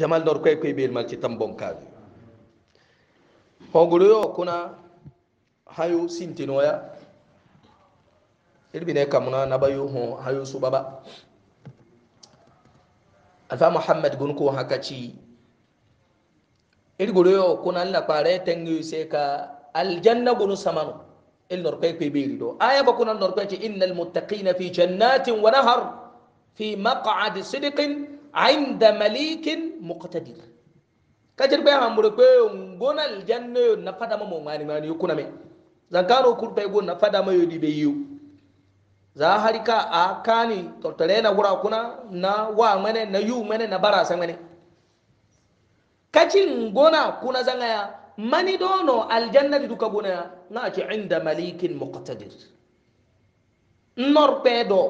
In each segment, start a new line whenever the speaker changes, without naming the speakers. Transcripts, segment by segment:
jamal dor koy koy bel mal ci tambon kaaju hoguru yo kuna hayu sintinoya irbine kamuna nabayu ho hayu subaba alfa muhammad gun ko hakaci irguru yo kuna la pare tengi se ka aljanna gunu samanu il nor koy koy bel do aya ba kuna nor koy ci innal muttaqina fi jannatin wa nahar fi maq'adi sidqin عند مليك muqtadir kajir be hambure pe ngona aljanna yo na fada ma mani mani yo kuna me zankaro kurpe go na fada ma yo dibe yo za harika a kani tortare na wura kuna na wa mene na yu mene na barasa mene kacin gona kuna zangaya mani dono aljanna di duka gona na ci inda malikin muqtadir norpe do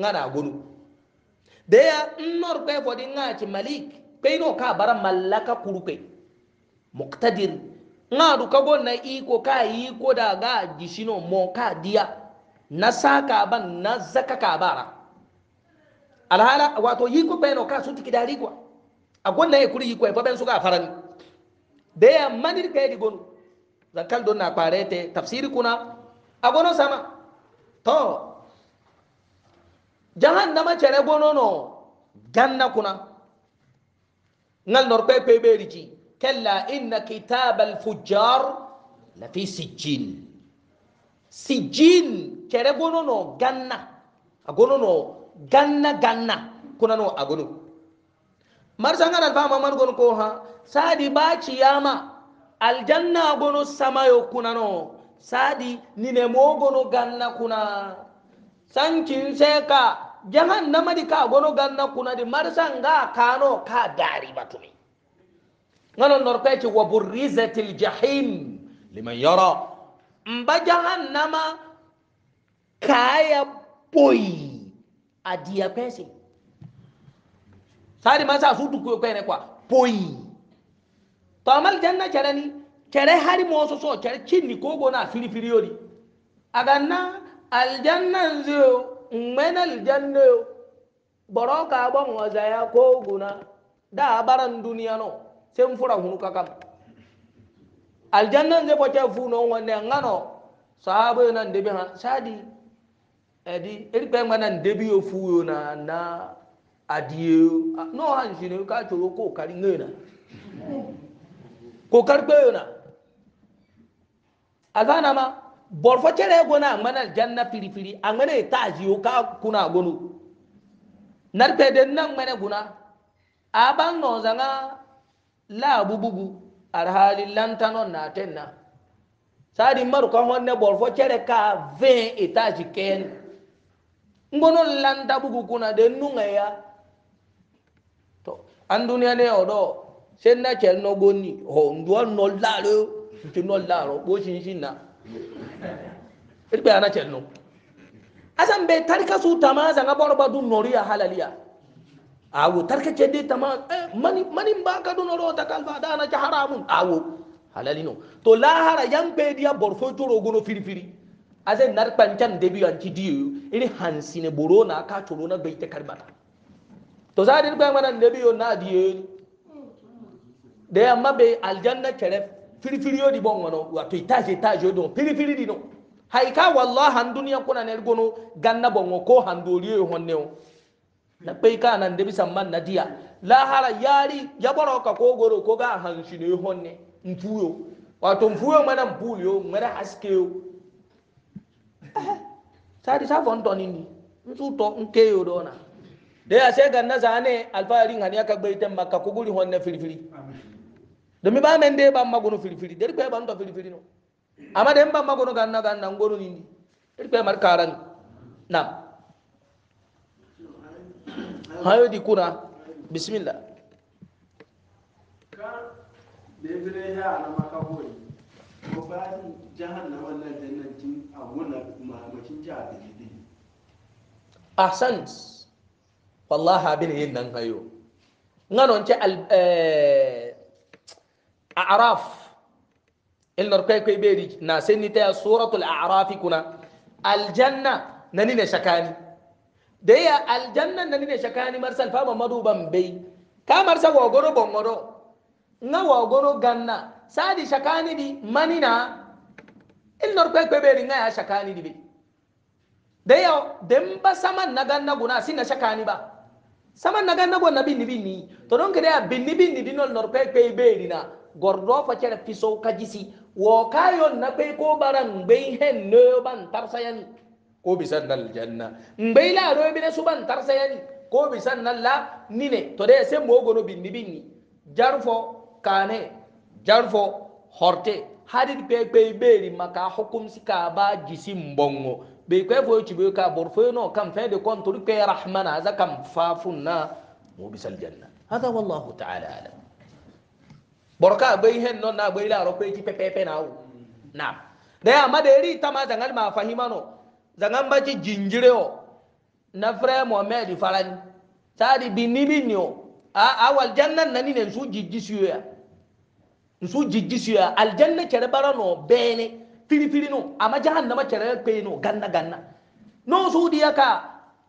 ngana gonu deya norpe fodi nga ci malik peino ka bara mallaka kurupe muqtadir ngadu kago na iko ka iko da ga jisino mo ka diya na saka ban na zaka ka bara alhala wato yiko peino ka suti kidari kwa agonna e kuri yiko e fa ben suka farani de ya manir ka di gonu zankal don parete tafsiri kuna agono sama to jahannama cere gono no ganna kuna نل نربي بيرجي كلا إن كتاب الفجار لفي سجين سجين كربونو نو غنا أقولو نو غنا غنا كنا نو أقولو مرسانا الفاهم أمان قولو كوها سادي باچي ياما الجنة أقولو سمايو كنا نو سادي نينمو غنا كنا سانكين سيكا jahan namadi ka gono ganna kunadi marsa nga kano ka dari batumi ngano norpeci wa burrizati jahim liman yara mba jahannama kaya boy adia pesi sari masa su ko kwene kwa boy to amal janna cerani cere hari moso so kere cinni ko gona firi aganna aljanna zo mmena aljanna yo boro ka bon waza ya ko guna da baran duniya no sen fura hunu kakam aljanna nze bote fu no wonde ngano sahaba nan debi ha sadi edi eri pe ngana debi yo fu yo na na adie no han shine ka choro ko kari ngena ko kari pe yo na azana ma borfo cere gona ngana janna piri piri angana etaji o ka kuna gonu narpe den nan mene guna a no zanga la bubugu arhali lantano na tenna sadi maru kan wonne borfo cere ka 20 etaji ken ngono landa bugu kuna den nunga ya to an duniya ne odo sen na cel no goni ho nduwa no laro nti no laro bo shin shin na irbe ana cenno asan be tarka su tama zanga borba dun nori ah, ya halaliya awo tarka ce de tama eh, mani mani ba ka dun noro ta kalfa da na ci haramun awo halalino to lahara yan be dia borfo toro gono firifiri asan nar pancan debi an ci diyo iri hansine boro na ka toro na bai ta karbata to za dir ba mana debi yo na diyo da yamma be aljanna keref firifiri yo di bon wono wato itaje itaje don firifiri di no haika wallahi han duniya kuna ne gono ganna bon ko han doriyo yo honne o na kai ka nan da bisan man nadiya lahara yari ya baro ka ko goro ko ga han shi ne honne mfuyo wato mfuyo mana mfuyo mara haske yo sadi sa fonto nindi nsuto nkeyo dona da ya sai ganna zane alfahari ngani aka gbaita maka kuguri honne firifiri amin demi ba mende de ba magono fili fili der be ban fili fili no ama dem ba magono ganna ganna ngoro nindi der be mar karani nam hayo di kuna bismillah ka Allah ya na makaboyi ko ba hayo ngano nce al eh a'raf ilnor kay koy ɓeeri na sennitaya suratul a'rafi kuna aljanna nanine chakani deya aljanna nanine chakani marsal fama maduban bey ka marsa wogono bongoɗo nga wogono ganna sadi chakani ɗi manina ilnor kay koy ɓeeri ngaya chakani ɗi ɓe deya demba saman na ganna guna sinna chakani ba saman na ganna gonna binni binni to ɗon kedeya binni binni ɗinol nor kay koy ɓeerina gordo facara fiso kajisi wo kayo na bai ko baran bai hen no ban tarsayani ko bisan nal janna bai la ro bi ne su ban tarsayani ko bisan nal la nine to de se mo ni binni ni. jarfo kane jarfo horte hadid pe pe beri maka hukum sika ba jisi mbongo be ko fo ci be ka bor fo no kam fe de kontu pe rahmana za kam fafunna mo bisal janna hada wallahu ta'ala alam borka gbe hen non na gbe ila ro pe ji pepe pe na o na da amma da ri ta ma zangal ma fahima no zangan ba ci jinjire o na fre mohammed farani sadi binimi ni o awal janna nani ne su jijji su ya su jijji su ya aljanna kere bara no bene firi firi no amma jahannama kere pe no ganna ganna no su diya ka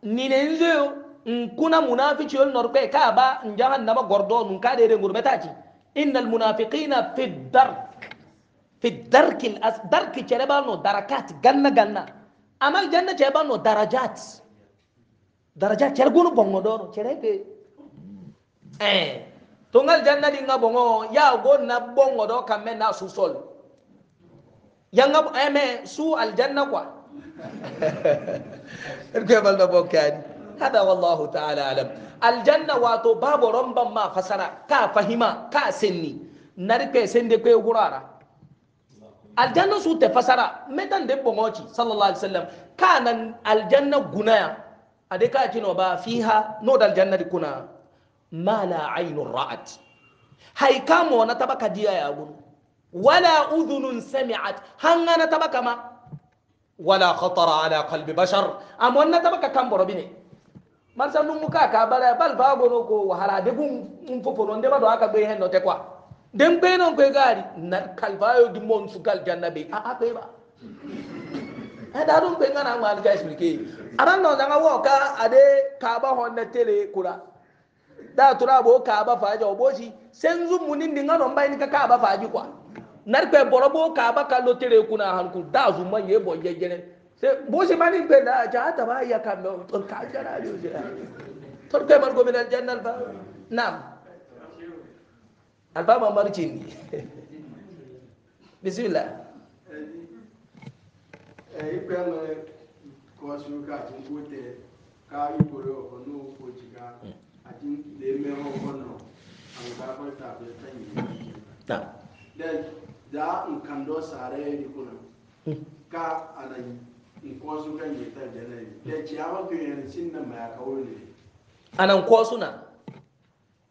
ni ne nzo nkuna munafici yol norpe ka ba njahannama gordo nun ka de de ci إن المنافقين في الدرك في الدرك الأس درك تشربانو دركات جنة جنة أما الجنة تشربانو درجات درجات تشربونو بونو دورو تشربي إيه تونال جنة دينا بونو يا غون نبونو دو كمان ناسو سول يانغا إيه سو الجنة كوا إركب النبوكاني هذا والله تعالى أعلم aljanna wato babu romban ma fasara ka fahima ka sinni narpe sende kwe gurara aljanna su te fasara metan de bongoci sallallahu alaihi wasallam kanan aljanna gunaya ade ka kino ba fiha no dal jannati kuna ma la ainur ra'at hay kamo na tabaka diya ya gun wala udhunun sami'at hanga na tabaka ma wala khatara ala qalbi bashar amon na tabaka kan borobine marsa nun muka ka bara bal ba gono ko wahara de gun mun fofo non de do aka be hen no te kwa dem be non ko gari na kalbayo di mon su gal jannabe a a be ba e da dun be ngana ma ga explique aran no zanga wo ka ade ka ba hon na tele kura da tura bo ka ba faji oboshi senzu munin dinga non bai ni ka ka ba faji kwa narpe borobo ka ba kallo tere kuna hankul da zuma ye bo jejene bó sì máa ní gbé náà jahata máa yà kà mẹ́wọ́ tó ń ká jára rí ojú rẹ̀ tó ń kẹ́ mọ́ gómìnà jẹ́ náà bá náà àlùfáà máa mọ́rí jì ní bisimilá. ẹ ìpè lọ kọsùn káàtì kó tẹ ká ìgboro ọkọ náà kó jìgá hmm. àti lè mẹwọ ọkọnà àwọn bá bọ tàbí sẹ́yìn lẹ́yìn. dẹ dá nǹkan dọ sàárẹ ẹni kùnà hmm. ká àlàyé. anan kosuna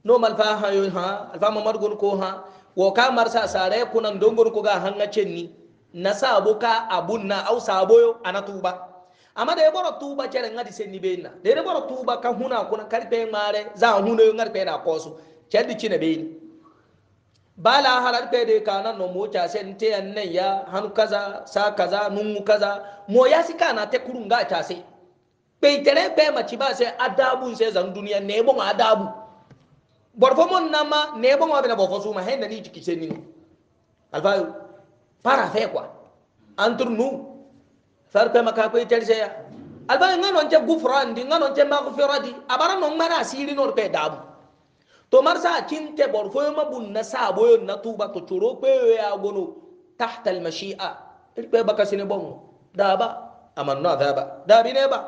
no malfa ha yo ha alfa mamar gon ko ha wo ka mar sa sare kunan don gon ko ga hanga chenni na sa boka abun na au sa boyo anatuba amma da yaboro tuba cere ngadi senni beina da yaboro tuba ka huna kuna karpe mare za huno yo ngarpe na kosu chedi chine beini bala harar pe de kana no mo cha sen te annan ya han kaza sa kaza nungu kaza mo ya sika na te kurunga cha se pe tere pe ma ci ba se adabu se zan dunia ne bon adabu borfo mon nama ne bon wa bina bofo suma hen ni jiki se nino alfa para fe kwa antur nu far pe ma ka ko tere se ya alfa ngano nche gufrandi ngano nche maghfirati abara no ngana asiri no pe dabu to marsa kinte borfoyo mabun na saboyo na tuba to curo kweyo ya gono tahta almashi'a irpe baka sine bongo daba aman na daba dabi ne ba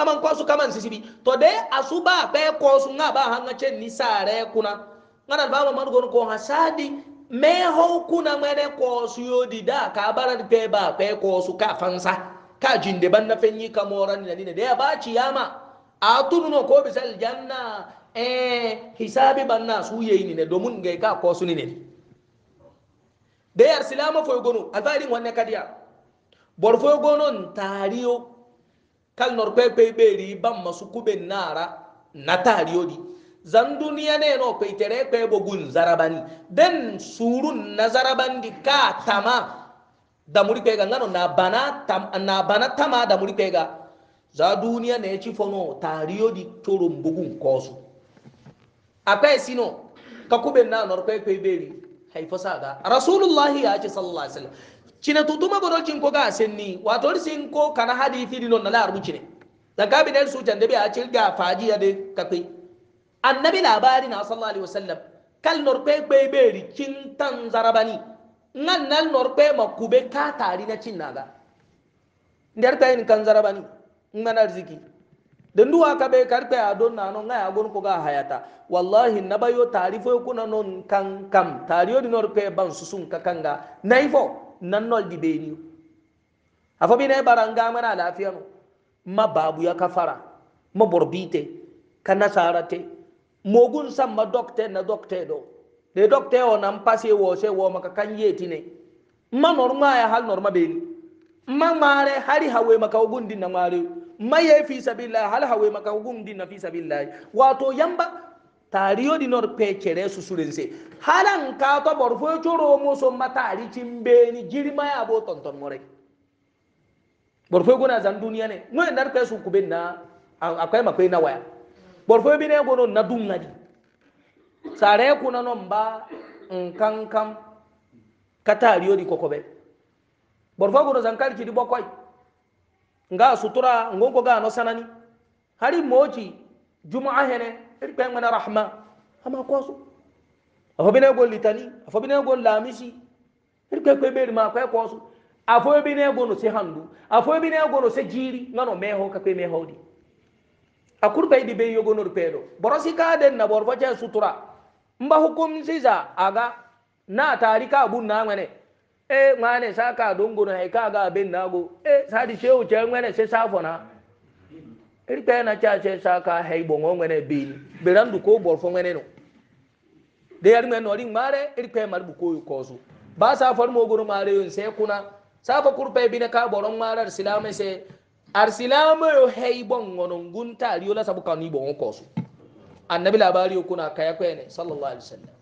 aman kwasu kaman sisi bi? to de asuba pe kosu nga ba hanga chen ni sare kuna ngana ba man gono ko hasadi me ho kuna mere kosu yodi da ka barar pe ba pe kosu ka fansa ka jinde ban na fenyi kamoran ni ne de ba ciyama atunu no ko bisal janna eh hisabi banna su yayi ne domin ga ka ko su ne da yar silama foy gonu alfarin wanne kadiya bor foy gonon tariyo kal nor pe pe beri ban masu kube nara na tariyo di zan duniya ne no pe tere pe bogun zarabani den surun na zarabandi ka tama da muri pe ga ngano na bana tam na bana tama da muri pe ga za duniya ne ci fono tariyo di torum bugun kosu akwai sino ka kube na nor kai kai beri haifa saga rasulullahi ya ce sallallahu alaihi wasallam cina tutuma godo cin ko ga senni wato sin ko kana hadithi dinon na la rubuci ne da gabi su jande bi a cin ga faji ya de ka annabi labari na sallallahu alaihi wasallam kal norpe kai kai beri tan zarabani nan nan nor kai makube ka tari na cin naga ndar tayin kan zarabani ngana arziki dendu aka be karpe a don na no nga ya gon ko ga hayata wallahi nabayo tarifo ko na non kan kam tariyo di norpe ban susun ka kanga naifo nan nol di beni afa bi ne baranga mana lafiya no ma babu ya kafara ma borbite kana sarate mogun ma dokte na dokte do de dokte o nan pase wo se wo maka kan yeti ne ma norma ya hal norma beni ma mare hari hawe maka ogun din na mare maye fi sabilillah hal hawe maka hukum din na fi sabilillah wato yamba tariyo di nor pechere susurense halan ka to borfo choro mo so matari cimbe ni jirma ya bo tonton more borfo gona zan duniya ne ngoy dar pe su kuben na akwai makwai na waya borfo bi ne gono na dungadi sare kuna non ba nkankam katariyo di kokobe borfo gono zan kalki di bokoy nga sutura ngonko ga no sanani hari moji jumaa hene irpe ngana rahma ama kwasu afobine go litani afobine go lamisi irpe ko beri ma kwa kwasu afobine go no se handu afobine go no se jiri ngano meho ka kwe meho di akurbe di be yogo no pedo borosi ka den na borbo sutura mba hukum siza aga na tarika abun na ngane e eh, ngane saka dongo na haika eh, ga ben nago e eh, sadi sheu che ngene se safona irte na cha che saka hei bongo ngene bin berandu ko borfo ngene no de yar men ori mare irte mar bu ko koso ba sa far mo goro mare yun se kuna safa kurpe bine ka boron mare silame se ar silame yo hei bongo non gunta riola sabu kanu bongo koso annabi labari kuna kaya kwene sallallahu alaihi wasallam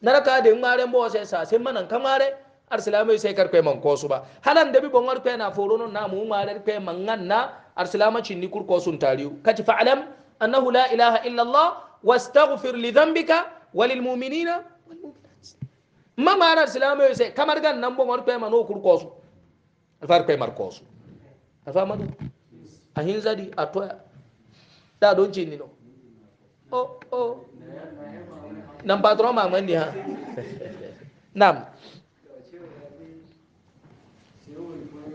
naraka de mare mbo se sa se manan kamare arsilama sai kar kwe man kosu ba halan da bi bongar kwe na forono na mu ma dar kwe man ngan na arsilama cin ni kur kosun tariu kaci fa'alam annahu la ilaha illa allah wastaghfir li dhanbika walil mu'minina wal mu'minat ma ma arsilama sai kamar gan nan bongar kwe man o kur kosu alfar kwe mar kosu alfar madu ahin zadi atoya da don cin ni no oh oh nan patron ma ngani ha nam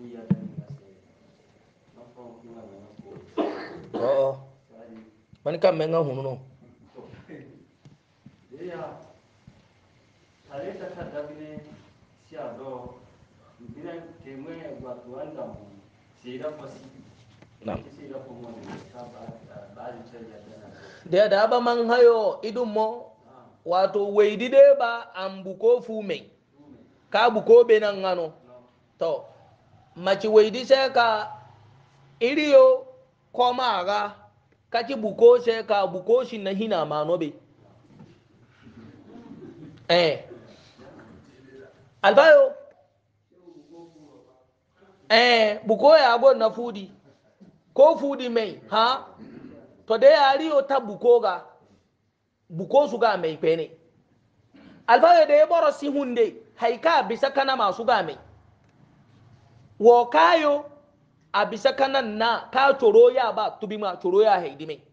Buya dan oh, oh. Iya. Nah. apa Man kam hunu no. mo ah. ba mo. ambu ko fume. Ka bu machi weidi sai ka iriyo koma ra kaci buko sai ka buko shi na hina ma nobe eh albayo eh buko ya go na fudi ko fudi mai ha to dai ariyo ta buko ga buko su ga mai pene albayo da boro si hunde haika bisa kana masu ga mai wo kayo a bisa kanan na ka coro ya ba tubi ma coro ya haidime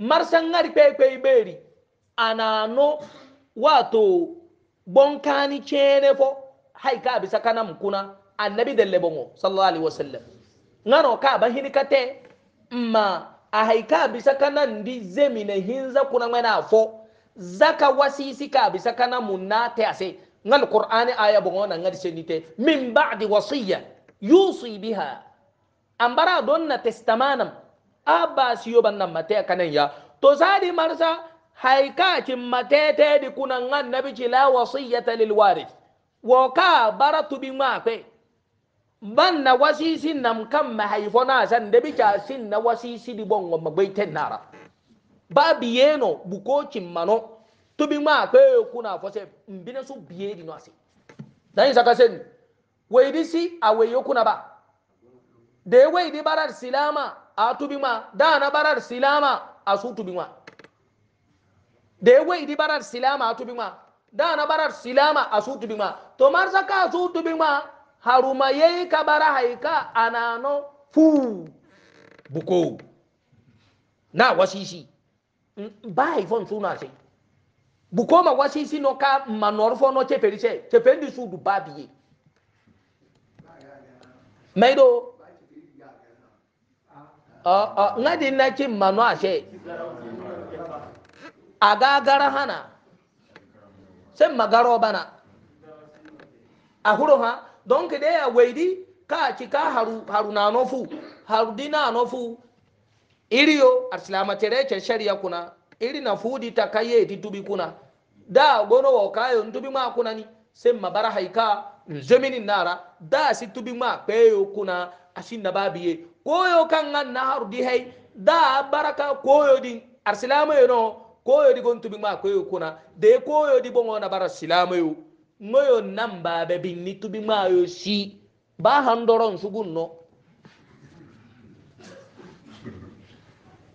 marsan ngari pepe ana no wato bonkani chene fo haika a bisa kanan kuna annabi da lebongo sallallahu alaihi wasallam ngano ka hini kate ma a haika a bisa kanan ndi zemi na hinza kuna ngana fo zaka wasisi ka bisa kanan munna te ase ngal qur'ani aya bongona ngadi senite min ba'di wasiya yusi biha ambara donna testamanam abasi yoban nan mate kanan ya to sadi marsa haika kin matete di kunan ngan nabi la wasiyata lil warith wa ka baratu bi ma pe ban na wasisi nam kam ma haifona san da bika sin na wasisi di bongo magbaiten nara babi yeno bukokin mano tobi ma akpɛ eku na afɔ sɛ mbine so bie di no ase dan yi saka ni wei di si awɛ yoku na ba de wei di barar silama a tobi ma daana barar silama a su tobi ma de wei di barar silama a tobi ma daana barar silama a su tobi ma to marisa ka a su tobi ma haruma yeyi ka bara haika anano fuu buko na wasisi ba haifon bukoma wasisi no ka manorfo no cheperi che chependi sudu babiye maido a ah, ah, ngadi na ki mano ashe aga gara hana sai magaro bana a huro ha don ki ya waidi ka ki ka haru haru na nofu haru dina nofu iriyo arsilama tere ke sharia kuna iri na fudi ta kaye kuna da gono wo kayo ntubi ma kuna ni sai mabara haika nzemini nara da si tubi ma peyo kuna ashin na babiye koyo kan nan na haru di hai da baraka koyo din arsilama yo no koyo di gon tubi ma koyo kuna de koyo di bongo na bara silama yo moyo nan babe bin ni tubi ma yo si ba handoron sugun no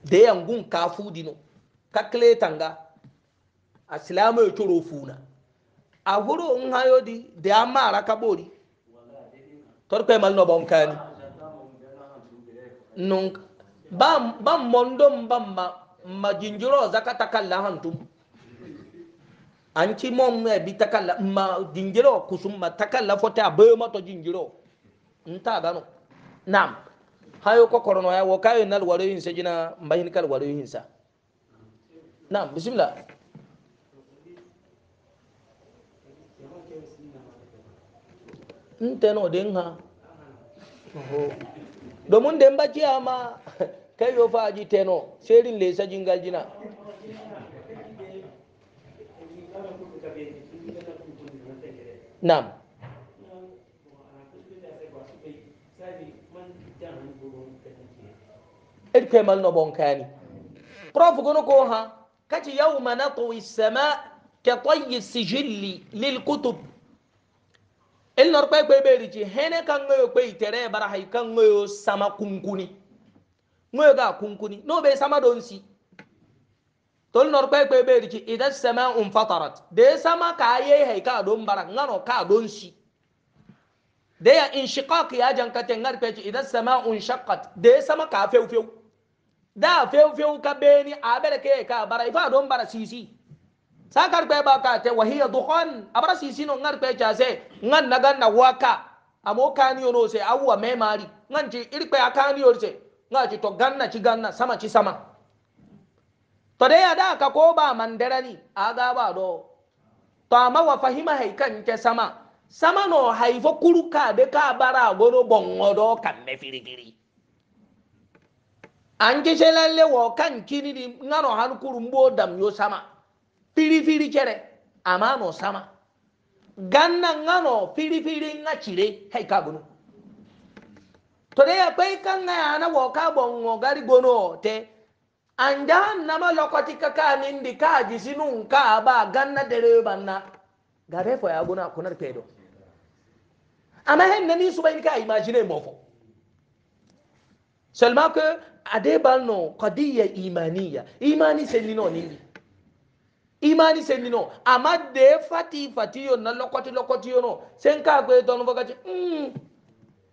de yangun kafu dino kakleta tanga asilamu ya coro funa a huro in hayo di da ya mara kabori torpe mal no ba kani nun bam bam mondom bam ma majinjiro zakata kala hantum anci mon me bi takalla ma jinjiro kusumma takalla fota be mato jinjiro nta dano nam hayo ko korono ya wo kayo nal waro yin sejina mbahin kal waro yin sa nam bismillah nteno den ha domin den bacci ma kai yo fa ji teno serin le sa jingal jina nam irkwe mal no bonkani prof gono ko ha kati yawma natwi sama ka tayi sijilli lil kutub nor kwe kwe beriji hene kan ngoyo kwe itere bara hay kan ngoyo sama kunkuni ngoyo ga kunkuni no be sama donsi tol nor kwe kwe beriji idan sama um fatarat de sama ka ye hay ka don bara ngano ka donsi de ya inshiqaq ya jankate ngar kwe idan sama un shaqqat de sama ka few few da few few ka beni abere ke ka bara ifa don bara sisi sa kar kwe ba ka te wahiya duhan abara si sino ngar kwe cha se ngan nagan na waka amo kani ono se awu me mari ngan ci ir kwe akani ono se nga ci to ganna ci ganna sama ci sama to dai ada ka ko ba mandarani aga ba do to amma wa fahima haikan ke sama sama no haifo kuruka de ka bara gono bongo do kan me firifiri an kishe lalle wa kan kini di ngano han kuru dam yo sama firifiri chere amano sama ganna ngano firifiri nga chire hai kabunu to dai akwai kan ga yana woka bongo gari gono te an jahannama lokoti kakanin di kaji sinun ka ba ganna dere banna gare fo ya guna kunar pedo amma hen nani su bai ka imagine mo fo seulement que ade balno qadiyya imaniya imani selino nindi imani sendino amma da ya fati fati yo na lokoti lokoti yo no sen ka ko e don bogati mm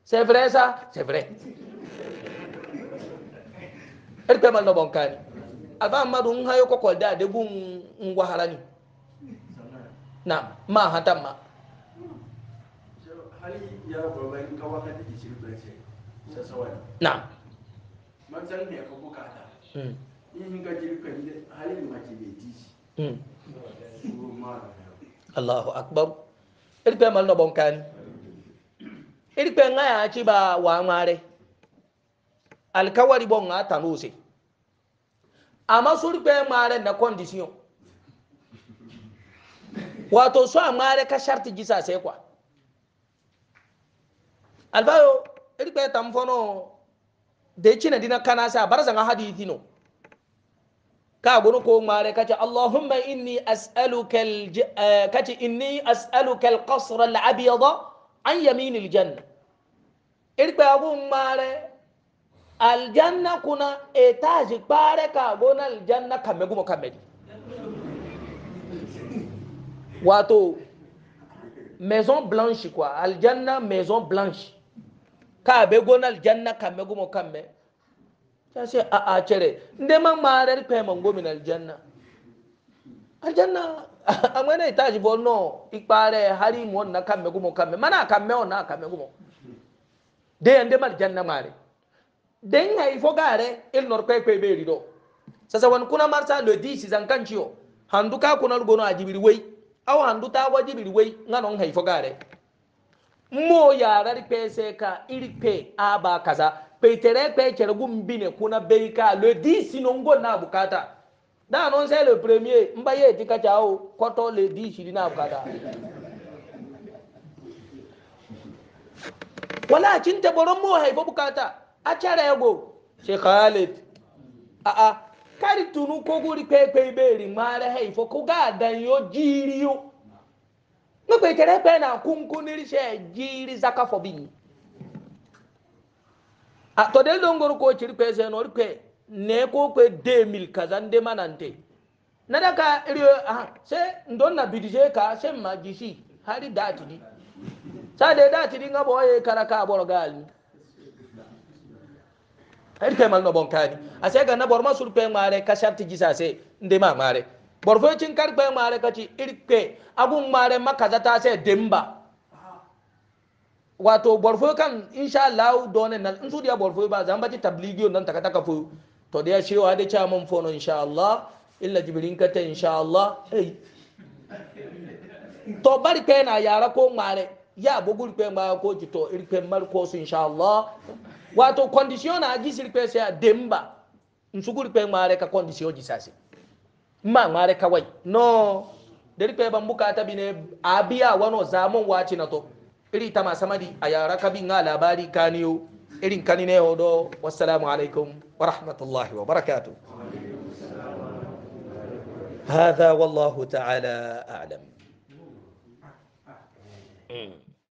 c'est vrai ça c'est vrai er tamal no bon kani ava madu un hayo ko kolda de bun ngwa harani na ma hata ma hali ya ko ban ka wakati di sirbe ce sa sawai na man san ne ka bukata in ga jirkan hali hmm. ma hmm. ke bai tishi Hmm. allahu akbar eri pe mal no bon kan eri pe nga ya ci ba wa mare alkawari bon nga tanu se amma su ri pe na condition wato su a mare ka sharti gisa sai kwa albayo eri pe tamfono de cina dina kana sa barza nga hadithi no ka gunu ko mare kace allahumma inni as'aluka eh, kace inni as'aluka al-qasr al-abyad an yamin al-janna irpe agun mare aljanna kuna etaji pare ka aljanna kame gumo kame wato maison blanche quoi aljanna maison blanche ka be gona aljanna kame gumo kame ta ce a a cire inda man marar payment gomin aljanna aljanna a mana ita ji bonno ikpare hari mu wannan kamme gumo kamme mana kamme wannan kamme gumo de yande mal janna mare den hay fo gare il nor kwe kwe be rido sasa wan kuna marsa le di si zankanchio handuka kuna lugono ajibiri wei au handuta wajibiri wei ngano hay fo gare mo ya rari pese ka iri pe aba kaza peitere peitere gumbine kuna beika le disi nongo na bukata da non le premier mbaye tika chao koto le disi na bukata wala cin ta boron mu haifa bukata a cara yago ce khalid a a kari tunu ko guri pepe beri mare haifa ko ga dan yo jiriyo no pe tere pe na kunkuni ri se jiri zaka fo bi a ah, to de zongor ko ciri kwe se nor kwe ne ko kwe 2000 kaza de manante na da ka iri ah, se ndon na bidije ka se ma jisi hari dati ni sa de dati di ngabo ye karaka bor galni hari kai mal no bon kani a se ga na bor ma sur pe mare ka sharti jisa se nde ma mare bor fo cin kar pe mare ka ci iri kwe agun mare makaza ta se demba wato borfo kan insha Allah donen nan in su dia borfo ba zan baci tabligiyo nan taka taka fo to da ya cewa da cha mun fono insha Allah illa jibrin kata insha Allah hey to bari kai na yara ko mare ya bugul pe ma ko ji to irpe mar ko su insha Allah wato condition na ji sirpe sai demba in su gurpe mare ka condition ji sase ma mare kawai no da irpe ban bukata bi ne abiya wano zaman waci na to iri tama samadi ayara kabin ga labari kaniyo irin kani ne hodo wassalamu alaikum wa rahmatullahi wa barakatuh هذا والله تعالى أعلم